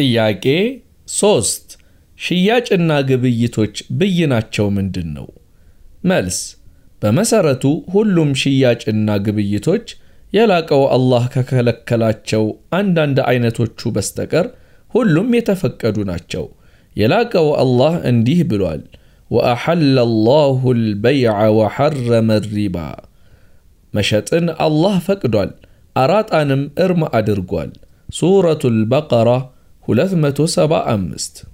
ጥያቄ ሶስት ሽያጭና ግብይቶች ብይናቸው ምንድን ነው? መልስ በመሰረቱ ሁሉም ሽያጭና ግብይቶች የላቀው አላህ ከከለከላቸው አንዳንድ አይነቶቹ በስተቀር ሁሉም የተፈቀዱ ናቸው። የላቀው አላህ እንዲህ ብሏል፣ ወአሐለ አላሁ ልበይዐ ወሐረመ ሪባ። መሸጥን አላህ ፈቅዷል፣ አራጣንም እርም አድርጓል። ሱረቱ ልበቀራ ولازم ما توسع بقى امست